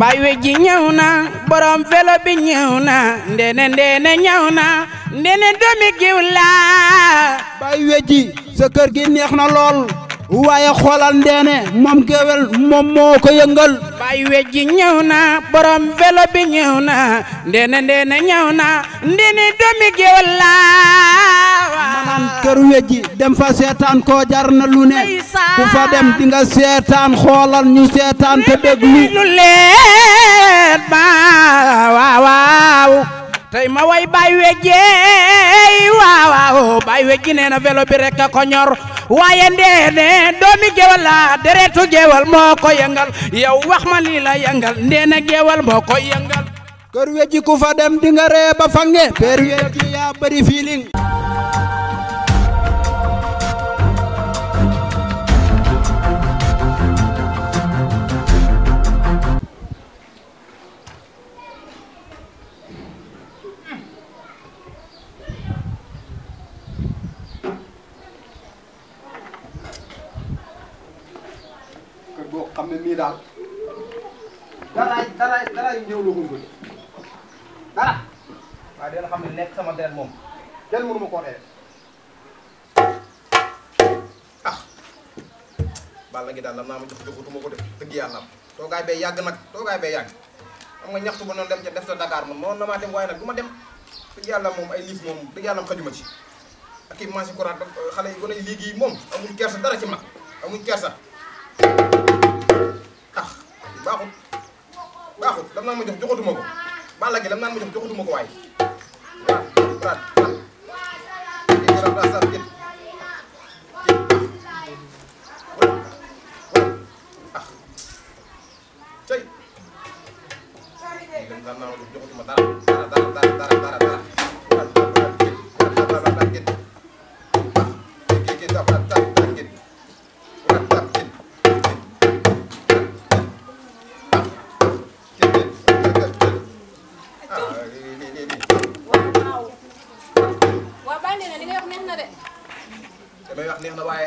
bay wejji ñëw na borom vélo bi ñëw na ndene ndene ñëw na ndene doomi giw laa bay wejji sa kër gi neex na lool waaye xoolal ndeene moom géwél moom moo ko yëngal bay wejji ñëw na borom vélo bi ñëw na ndene ndene ñëw na ndene doomi giw seetaan kër wejji dem fa seetaan ko jar na lu ne ku fa dem di seetaan xoolal ñu seetaan te déglu lu leet ba waaw waaw tey ma way bay wejjeey waaw waaw bay wejji nee na vélo bi rek a ko ñor waaye ndeene doomi gewal la deretu gewal moo ko yëngal yow wax ma lii la yëngal ndeene gewal moo ko yëngal kër wejji ku fa dem di ree ba fange per wejji yaa bari feeling daal daraay daraay daraay ñëw la ko ngóob dara waaye dina xam ne nekk sama deret moom kenn mënu ma koo tere ah Balla gi daal dam naa ma jox joxutuma ko def dëgg yàlla toogaay bee yàgg nag toogaay bee yàgg xam nga ñaxtu ba noonu dem ca def ta Dakar moom noonu na maa dem waaye nag du ma dem dëgg yàlla moom ay liif moom dëgg yàlla xajuma ci ak i manché courant xale yi gone léegi moom amuñ kersa dara ci mag amuñ kersa baaxut baaxut lam naan ma jox joxatuma ko Balla gi lam naan ma jox joxatuma ko waaye waaw waaw waaw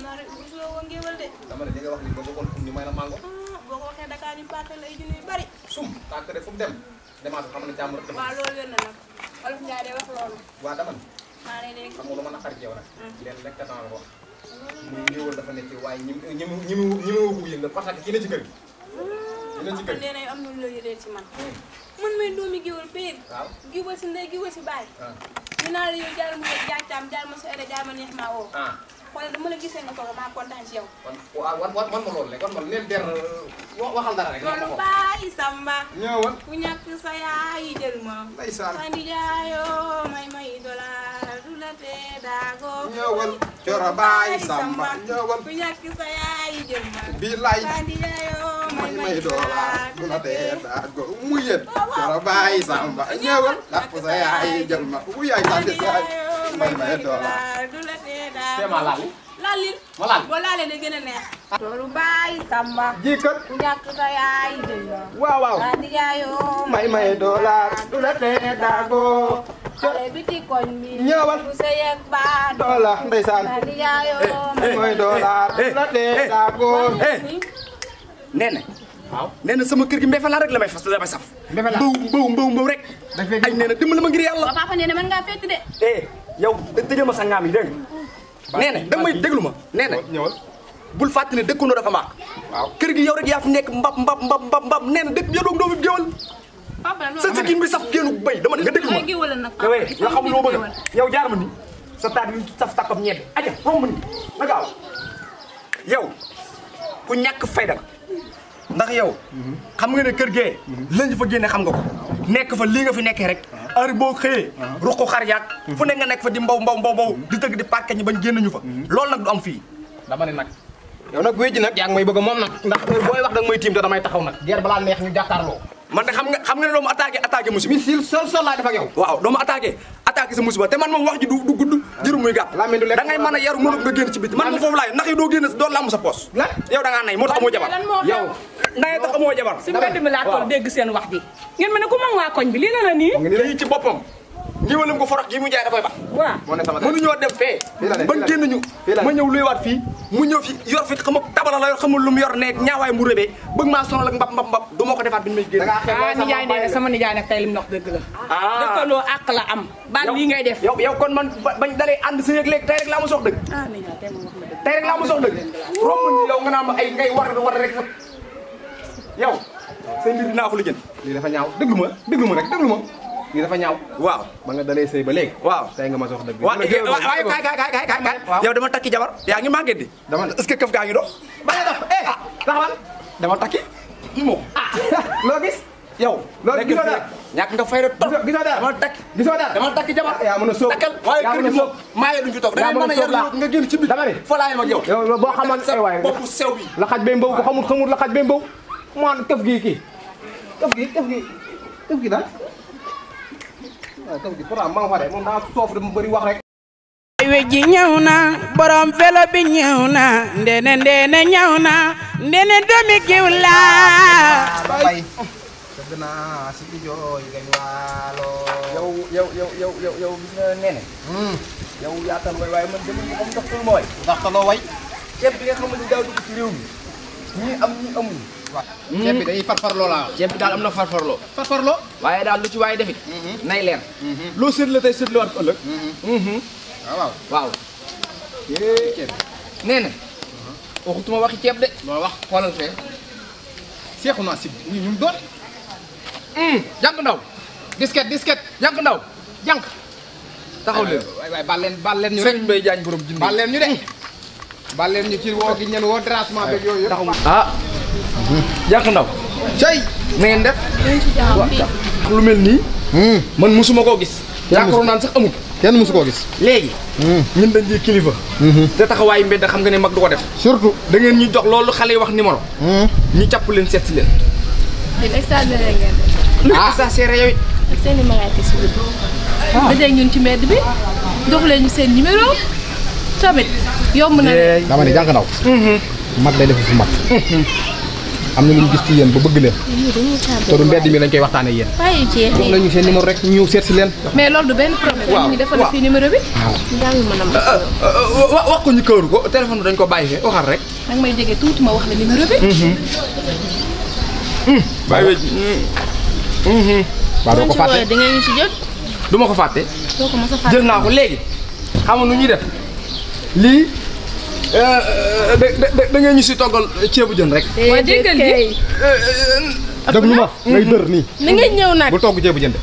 xam naa rek gisuloo woo ngéwal de. dama ne li nga wax ni ba bëggoon pour ñu may la mango. Hmm, boo ko waxee Dakar ñu pàccal ay junni yu bari. sum tànk de fu mu dem demaat xam na jàmm rek. waaw loolu wér na nag olof Ndiaye day wax loolu. waaw dama ne. maa ngi lay dégg xam nga lu ma naqari yow nag. Hmm. leen rek kat naa la wax. muy ngéwal dafa nekk waaye ñi ñi mu ñi mu ñi mu wóobu yëngal parce que kii na ci kër gi. dina hmm, ci gën nee am na looy ci man. man may doomi géwél péer. waaw géwél si ndey géwél si baay. Ah. ñu naa la yow jaar ma jaajtaam jaar ma su ere jaar ma neex maa woo. Ah. xoolal dama la gisee nga toog maa kontaan ci yow. waaw wan wan wan ma loolu rek wan ma leen der waxal dara rek. loolu bàyyi Samba. ñëwal ku ñàkk sa yaay jël ma. ndeysaan sa nijaayoo may may dollar du la tee daagoo. ñëwal coro sa yaay jël ma. bilaay sa nijaayoo may may dollar du la mu yet coro bàyyi sa yaay jël ma. te ma laal laalil ma laal boo laalee da gën a neex. loolu bàyyi Samba. ji kat ku yaay jël waaw waaw maa nijaayoo may may dollar du la tee daagoo. xale bi ci koñ bi. ñëwal bu seyeeg baa dollar ndeysaan. maa nijaayoo eh, eh, eh, sama kër gi mbefe laa la may fas may saf. mbefe laa mbaw mbaw rek. ay nee na dimbali ma ngir yàlla. waaw papa nee na mën ngaa de. eh yow tëjal ma sa ngaam yi nee na damay déglu ma nee na bul fàtte ne dëkkandoo dafa maak waaw kër gi yow rek yaa fi nekk mbab mbab mbab mbab mbab nee na dëkk yodoogi doomu géwal sa sa gin bi saf génnu bay dama ne nga déglu ma yow xamul loo bëgg yow jaar ma ni sa taat bi saf tàppam ñebe aja romb ni na gaaw yow ku ñàkk fayda ndax yow mhm. xam nga ne kër gee mhm. lañ fa génne xam nga ko nekk fa lii nga fi nekkee rek heure boo xëyee ruqu xar fu ne nga nekk fa di mbaw mbaw mbaw mbaw di tëgg di parke ñi bañ génn ñu fa loolu nag du am fii dama ne nag yow nag wéy ji nag yaa may bëgg moom nag ndax heure wax da nga may tiim te damay taxaw nag geer balaa neex ñu jàkkaarloo man de xam nga xam nga ne doo ma attaqué attaqué monsieur missile sol sol laa def yow waaw doo ma tàkki sa te man moom wax ji du gudd jëru muy gàtt da ngay mën a yaru nga génn ci biti man moom foofu laay nax doo génn doo làmm sa poos yow da nay moo tax amoo jabar yow nay tax amoo jabar si mbedd mi laa toog dégg seen ngeen mel ne ku mag waa koñ bi lii la nii njëwalem ko forox gi mu jaay da koy ba mënuñoo dem fee ban génn ñu ma ñëw luy waat fii mu ñëw fi yor fi xamul tabala la yor xamul lu mu yor ne ñaawaay mu rëbee bëgg maa sonal ak mbab mbab mbab du ma ko defaat bi ñu may génn ah, nijaay nee na sama nijaay nag tey lim wax dëgg la ah. dafa loo àq la am baat lii ngay def yow kon man bañ dalee ànd sa yëg rek laa ma sox ah, dëgg tey rek laa ma sox dëgg romb ni yow nga naan ma ay ngay war war rek yow seen mbir dinaa ko lijjanti lii dafa ñaaw déglu ma déglu ma rek déglu ma lii dafa ñaaw waaw ba nga dalee sëy ba léegi waaw tey nga ma sox dëgg waaye kaay kaay kaay kaay kaay yow dama takki jabar yaa ngi manqué di dama est-ce que këf gaa ngi dox ba nga dox eh taxawal dama takki mo ah. loo gis yow loolu gisoo dara ñàkk nga fay rek toog gisoo dara dama takki gisoo dara dama takki jabar ah, yaa mën a sóob takkal waaye kër gi moom maa yee duñ fi toog da ngay mën a yar nga génn ci biir dama ne fa laay mag yow yow boo xamante ne waaye bopp sew bi la xaj bay mbaw ko xamul xamul la xaj bay mbaw man këf gii kii këf gii këf gii këf gii daal Ah, aywe ji ñëw na borom vélo bi ñëw na ndene ndene ñëw na ndene doomi giw la ah, yow yow ñii am ñii amul. waaw hmm. ceeb bi day farfarloo laa ceeb bi daal am na farfarloo. farfarloo waaye daal lu ci waaye defit hmm. nay leer. Hmm. loo seetlu tey seetlu waat ëllëg. Ah, waaw waaw. ceeb bi waxutuma waxi ceeb de. loo wax xoolal fee. seexu naa si ñu ñu doon. jànk ndaw. disket disket jànk ndaw jànk. taxaw leen baal leen baal leen ñu rek sëñ Mbaye Diagne borom jënd baal leen ñu de. bal leen ñu ci woo gi ñen woo dérangement beeg yooyu yëpp. ah. jàkk ndaw. cey na ngeen def. lu mel nii. Hmm. man mosuma koo gis. yaakaaroon naan sax amul. kenn mosu koo gis. léegi. Hmm. ñun dañ ciy kilifa. Hmm. te taxawaayu mbedd xam nga ne mag du ko def. surtout da ngeen ñu jox loolu xale yi wax numéro. ñu jàpp leen seet si leen. yéen exagéré ngeen def. lu ah. exagéré yow it. ak seen i magasin ah. tamit. yomb na de. dama ne jànk ndaw. Mhm. mat lay def fu mat. am na lu ñu gis ci yéen ba bëgg leen. te du mbedd mi lañ koy waxtaanee yéen. waaye jeex jox nañu seen numéro rek ñu seet si leen. mais loolu du benn problème. waaw waaw fii numéro bi. waaw euh, euh, euh, wa ko ñu këru ko téléphone bi dañ ko bàyyi fee waxal rek. danga may jege tuuti ma wax la numéro bi. Mhm. Mhm. bàyyi wéy. ko fàtte da ñu si jot. du ma ko fàtte. jël naa ko léegi xam nu ñuy def lii. Eh, eh, da da ngeen ñu si toggal ceebu jën rek. waa jéggal ji eh, déglu ma ngay mm. dër nii. ni ngeen ñëw nag bu togg ceebu jën de.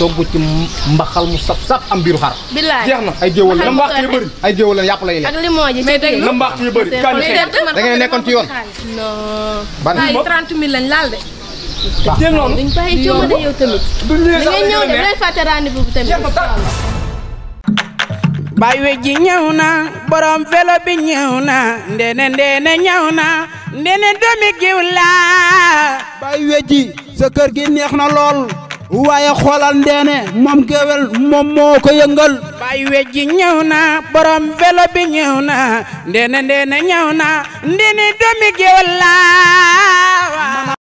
togg ci mbaxal mu sap sap am biiru xar. bilaay jeex na ay géewal la mbaax yu bëri. ay géewal la yàpp lay lekk. ak limon ji mais dégg la mbaax yu bëri. da ngeen nekkoon ci yoon. non. ban ay 30 000 lañ laal de. baax na loolu duñ bàyyi coono de yow tamit. duñ leen sax dañuy bay we ji ñëw na borom vélo bi ñaw na ndene ndene ñëw na ndene domi giw laa bay we ji sa kër gi neex na lool waaye xoolal ndeene moom géwél moom moo ko bay we ji ñëw na borom vélo bi ñëw na ndene ndene ñëw na ndene domi giw laa